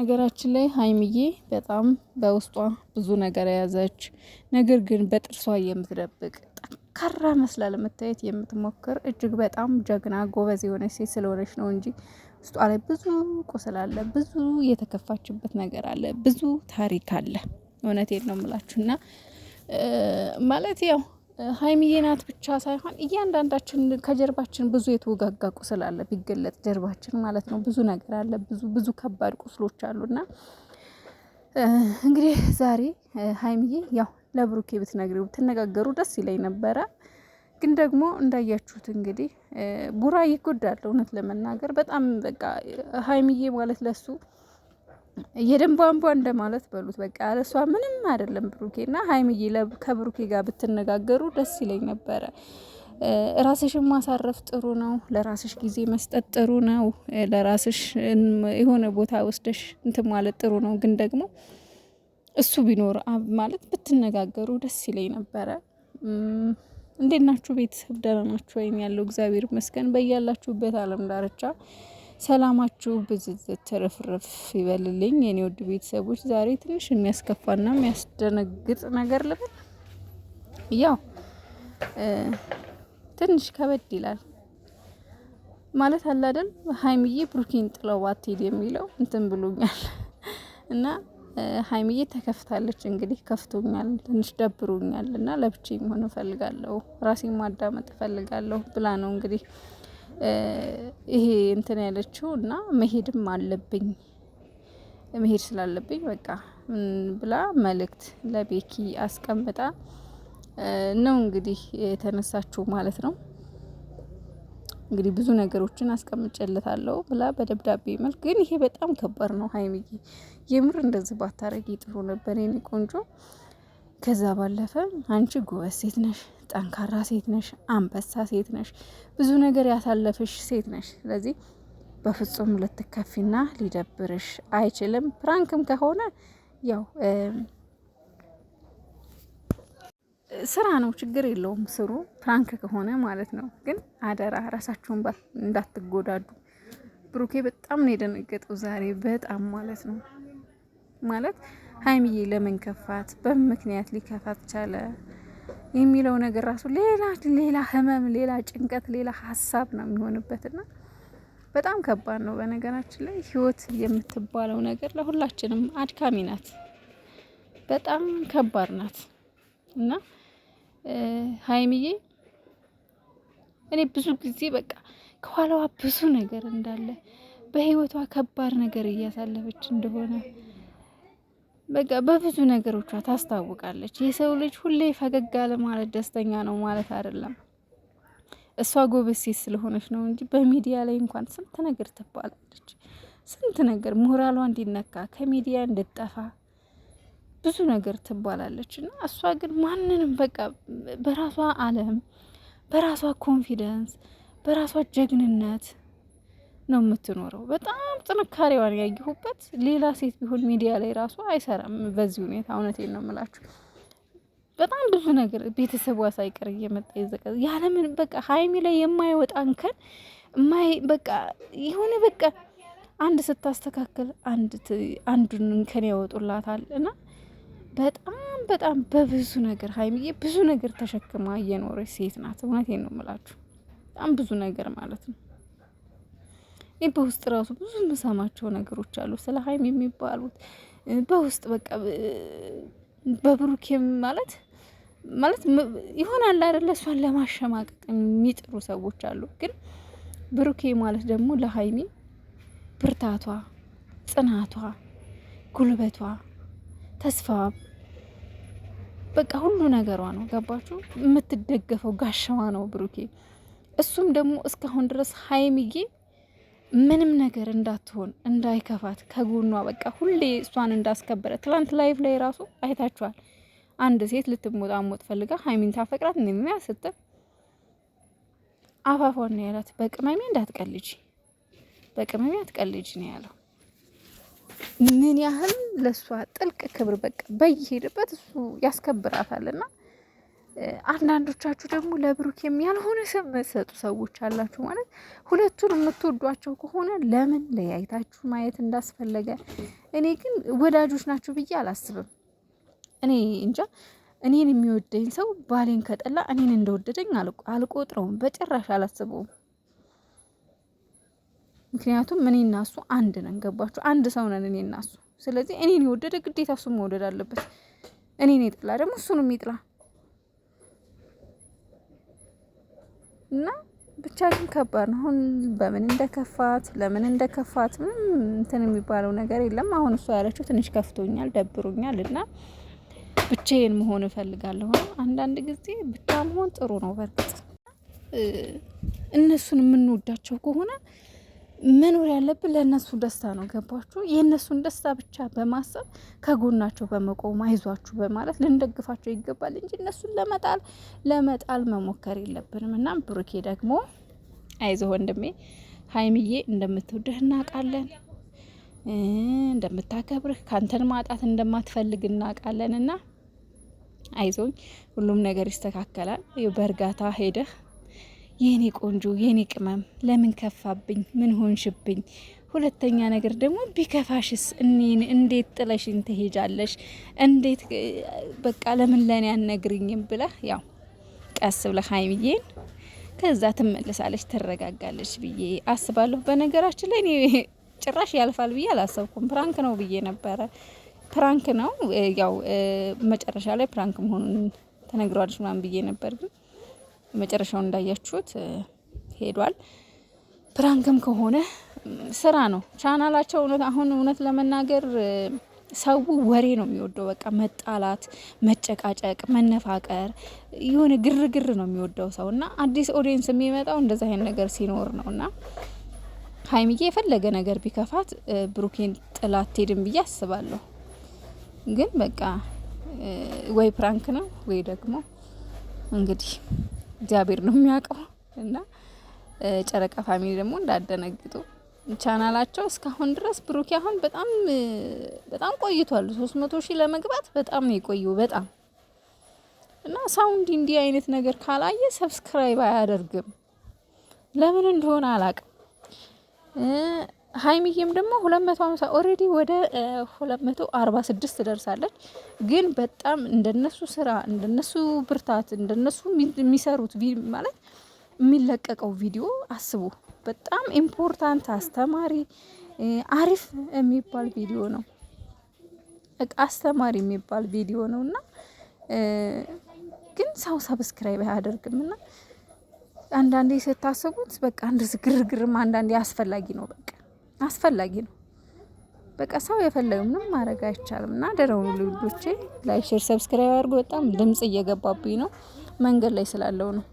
ነገራችን ላይ ሀይሚዬ በጣም በውስጧ ብዙ ነገር የያዘች ነገር ግን በጥርሷ የምትደብቅ ጠንካራ መስላ ለመታየት የምትሞክር እጅግ በጣም ጀግና ጎበዝ የሆነች ሴት ስለሆነች ነው እንጂ ውስጧ ላይ ብዙ ቁስል አለ፣ ብዙ የተከፋችበት ነገር አለ፣ ብዙ ታሪክ አለ። እውነቴን ነው የምላችሁና ማለት ያው ሀይሚዬ ናት ብቻ ሳይሆን እያንዳንዳችን ከጀርባችን ብዙ የተወጋጋ ቁስል አለ፣ ቢገለጥ ጀርባችን ማለት ነው። ብዙ ነገር አለ፣ ብዙ ብዙ ከባድ ቁስሎች አሉና እንግዲህ ዛሬ ሀይሚዬ ያው ለብሩኬ ብትነግሪው ብትነጋገሩ ደስ ይለኝ ነበረ። ግን ደግሞ እንዳያችሁት እንግዲህ ቡራ ይጎዳል። እውነት ለመናገር በጣም በቃ ሀይሚዬ ማለት ለሱ የደንብ አንቧ እንደማለት በሉት በቃ አለሷ ምንም አይደለም። ብሩኬና ሀይምዬ ከብሩኬ ጋር ብትነጋገሩ ደስ ይለኝ ነበረ። ራስሽን ማሳረፍ ጥሩ ነው። ለራስሽ ጊዜ መስጠት ጥሩ ነው። ለራስሽ የሆነ ቦታ ወስደሽ እንትን ማለት ጥሩ ነው። ግን ደግሞ እሱ ቢኖር ማለት ብትነጋገሩ ደስ ይለኝ ነበረ። እንዴት ናችሁ ቤተሰብ? ደህና ናችሁ ወይም? ያለው እግዚአብሔር ይመስገን። በያላችሁበት አለም ዳርቻ ሰላማችሁ ብዝዝት ትርፍርፍ ይበልልኝ የኔ ውድ ቤተሰቦች። ዛሬ ትንሽ የሚያስከፋና የሚያስደነግጥ ነገር ልበል፣ ያው ትንሽ ከበድ ይላል ማለት አላደል ሀይምዬ ብሩኬን ጥለው ባትሄድ የሚለው እንትን ብሎኛል እና ሀይምዬ ተከፍታለች። እንግዲህ ከፍቶኛል፣ ትንሽ ደብሮኛል እና ለብቼ የሚሆን እፈልጋለሁ፣ ራሴን ማዳመጥ እፈልጋለሁ ብላ ነው እንግዲህ ይሄ እንትን ያለችው እና መሄድም አለብኝ መሄድ ስላለብኝ በቃ ብላ መልእክት ለቤኪ አስቀምጣ ነው እንግዲህ የተነሳችው ማለት ነው። እንግዲህ ብዙ ነገሮችን አስቀምጨለታለሁ ብላ በደብዳቤ መልክ ግን ይሄ በጣም ከባድ ነው። ሀይሚዬ የምር እንደዚህ ባታረጊ ጥሩ ነበር የኔ ቆንጆ። ከዛ ባለፈ አንቺ ጎበዝ ሴት ነሽ፣ ጠንካራ ሴት ነሽ፣ አንበሳ ሴት ነሽ፣ ብዙ ነገር ያሳለፍሽ ሴት ነሽ። ስለዚህ በፍጹም ልትከፊና ሊደብርሽ አይችልም። ፕራንክም ከሆነ ያው ስራ ነው፣ ችግር የለውም። ስሩ፣ ፕራንክ ከሆነ ማለት ነው። ግን አደራ ራሳችሁን እንዳትጎዳዱ። ብሩኬ በጣም ነው የደነገጠው ዛሬ፣ በጣም ማለት ነው ማለት ሀይሚዬ ለምን ከፋት፣ በምን ምክንያት ሊከፋት ቻለ የሚለው ነገር ራሱ ሌላ ሌላ ህመም፣ ሌላ ጭንቀት፣ ሌላ ሀሳብ ነው የሚሆንበትና በጣም ከባድ ነው። በነገራችን ላይ ህይወት የምትባለው ነገር ለሁላችንም አድካሚ ናት፣ በጣም ከባድ ናት እና ሀይሚዬ እኔ ብዙ ጊዜ በቃ ከኋላዋ ብዙ ነገር እንዳለ በህይወቷ ከባድ ነገር እያሳለፈች እንደሆነ በቃ በብዙ ነገሮቿ ታስታውቃለች። የሰው ልጅ ሁሌ ፈገግ አለ ማለት ደስተኛ ነው ማለት አይደለም። እሷ ጎበዝ ሴት ስለሆነች ነው እንጂ በሚዲያ ላይ እንኳን ስንት ነገር ትባላለች። ስንት ነገር ሞራሏ እንዲነካ ከሚዲያ እንድጠፋ ብዙ ነገር ትባላለች። እና እሷ ግን ማንንም በቃ በራሷ አለም በራሷ ኮንፊደንስ በራሷ ጀግንነት ነው የምትኖረው። በጣም ጥንካሬዋን ያየሁበት ሌላ ሴት ቢሆን ሚዲያ ላይ ራሱ አይሰራም በዚህ ሁኔታ። እውነቴን ነው የምላችሁ። በጣም ብዙ ነገር ቤተሰቧ ሳይቀር እየመጣ ይዘቀዝ ያለምን በቃ ሀይሚ ላይ የማይወጣ እንከን ማይ በቃ የሆነ በቃ አንድ ስታስተካከል አንዱን እንከን ያወጡላታል እና በጣም በጣም በብዙ ነገር ሀይሚዬ ብዙ ነገር ተሸክማ እየኖረች ሴት ናት። እውነቴን ነው የምላችሁ በጣም ብዙ ነገር ማለት ነው። በውስጥ ራሱ ብዙ የምሰማቸው ነገሮች አሉ ስለ ሀይሚ የሚባሉት በውስጥ በቃ በብሩኬም ማለት ማለት ይሆናል አይደለ? እሷን ለማሸማቀቅ የሚጥሩ ሰዎች አሉ። ግን ብሩኬ ማለት ደግሞ ለሀይሚ ብርታቷ፣ ጽናቷ፣ ጉልበቷ፣ ተስፋዋ በቃ ሁሉ ነገሯ ነው። ገባችሁ? የምትደገፈው ጋሻዋ ነው ብሩኬ። እሱም ደግሞ እስካሁን ድረስ ሀይሚዬ ምንም ነገር እንዳትሆን እንዳይከፋት ከጎኗ በቃ ሁሌ እሷን እንዳስከበረ። ትላንት ላይቭ ላይ ራሱ አይታችኋል። አንድ ሴት ልትሞጣሞጥ ፈልጋ ሀይሚን ታፈቅራት እንደሚያ ስትል አፋፏን ነው ያላት። በቅመሜ እንዳትቀልጂ፣ በቅመሜ አትቀልጂ ነው ያለው። ምን ያህል ለእሷ ጥልቅ ክብር በቃ በይሄድበት እሱ ያስከብራታልና አንዳንዶቻችሁ ደግሞ ለብሩኬም ያልሆነ ስም መሰጡ ሰዎች አላችሁ። ማለት ሁለቱን የምትወዷቸው ከሆነ ለምን ለያይታችሁ ማየት እንዳስፈለገ እኔ ግን ወዳጆች ናችሁ ብዬ አላስብም። እኔ እንጃ እኔን የሚወደኝ ሰው ባሌን ከጠላ እኔን እንደወደደኝ አልቆጥረውም፣ በጭራሽ አላስበውም። ምክንያቱም እኔ እና እሱ አንድ ነን። ገባችሁ? አንድ ሰው ነን እኔ እና እሱ። ስለዚህ እኔን የወደደ ግዴታ እሱ መውደድ አለበት። እኔን የጠላ ደግሞ እሱንም ይጥላ። እና ብቻ ግን ከባድ ነው። አሁን በምን እንደከፋት ለምን እንደከፋት ምንም እንትን የሚባለው ነገር የለም። አሁን እሷ ያለችው ትንሽ ከፍቶኛል፣ ደብሮኛል እና ብቻዬን መሆን እፈልጋለሁ። አንዳንድ ጊዜ ብቻ መሆን ጥሩ ነው። በርግጥ እነሱን የምንወዳቸው ከሆነ መኖር ያለብን ለእነሱ ደስታ ነው። ገባችሁ? የእነሱን ደስታ ብቻ በማሰብ ከጎናቸው በመቆም አይዟችሁ በማለት ልንደግፋቸው ይገባል እንጂ እነሱን ለመጣል ለመጣል መሞከር የለብንም። እና ብሩኬ ደግሞ አይዞ ወንድሜ፣ ሀይሚዬ እንደምትወድህ እናውቃለን፣ እንደምታከብርህ፣ ካንተን ማጣት እንደማትፈልግ እናውቃለን። እና አይዞኝ፣ ሁሉም ነገር ይስተካከላል። በእርጋታ ሄደህ የኔ ቆንጆ የኔ ቅመም ለምን ከፋብኝ? ምን ሆንሽብኝ? ሁለተኛ ነገር ደግሞ ቢከፋሽስ እኔን እንዴት ጥለሽኝ ትሄጃለሽ? እንዴት በቃ ለምን ለኔ አነግርኝም? ብላ ያው ቀስ ብለ ሀይሚዬን ከዛ ትመልሳለች ትረጋጋለች ብዬ አስባለሁ። በነገራችን ላይ እኔ ጭራሽ ያልፋል ብዬ አላሰብኩም። ፕራንክ ነው ብዬ ነበረ። ፕራንክ ነው ያው መጨረሻ ላይ ፕራንክ መሆኑን ተነግሯለች ምናምን ብዬ ነበር ግን መጨረሻውን እንዳያችሁት ሄዷል። ፕራንክም ከሆነ ስራ ነው። ቻናላቸው አሁን እውነት ለመናገር ሰው ወሬ ነው የሚወደው። በቃ መጣላት፣ መጨቃጨቅ፣ መነፋቀር የሆነ ግርግር ነው የሚወደው ሰው እና አዲስ ኦዲየንስ የሚመጣው እንደዛ አይነት ነገር ሲኖር ነው እና ሀይሚዬ የፈለገ ነገር ቢከፋት ብሩኬን ጥላት ሄድን ብዬ አስባለሁ። ግን በቃ ወይ ፕራንክ ነው ወይ ደግሞ እንግዲህ እግዚአብሔር ነው የሚያውቀው። እና ጨረቃ ፋሚሊ ደግሞ እንዳደነግጡ ቻናላቸው እስካሁን ድረስ ብሩኬ አሁን በጣም በጣም ቆይቷል። ሶስት መቶ ሺህ ለመግባት በጣም ነው የቆየው በጣም እና ሳውንድ እንዲህ አይነት ነገር ካላየ ሰብስክራይብ አያደርግም። ለምን እንደሆነ አላቅም። ሀይሚዬም ደግሞ ሁለት መቶ ሀምሳ ኦልሬዲ ወደ ሁለት መቶ አርባ ስድስት ትደርሳለች። ግን በጣም እንደነሱ ስራ እንደነሱ ብርታት እንደነሱ የሚሰሩት ማለት የሚለቀቀው ቪዲዮ አስቡ። በጣም ኢምፖርታንት አስተማሪ አሪፍ የሚባል ቪዲዮ ነው። አስተማሪ የሚባል ቪዲዮ ነው እና ግን ሰው ሰብስክራይብ አያደርግም እና አንዳንዴ ስታስቡት በቃ አንድ ግርግርም አንዳንዴ አስፈላጊ ነው በቃ አስፈላጊ ነው። በቃ ሰው የፈለገ ምንም ማድረግ አይቻልም። እና ደረው ልጆቼ ላይክ፣ ሼር፣ ሰብስክራይብ አድርጉ። በጣም ድምጽ እየገባብኝ ነው መንገድ ላይ ስላለው ነው።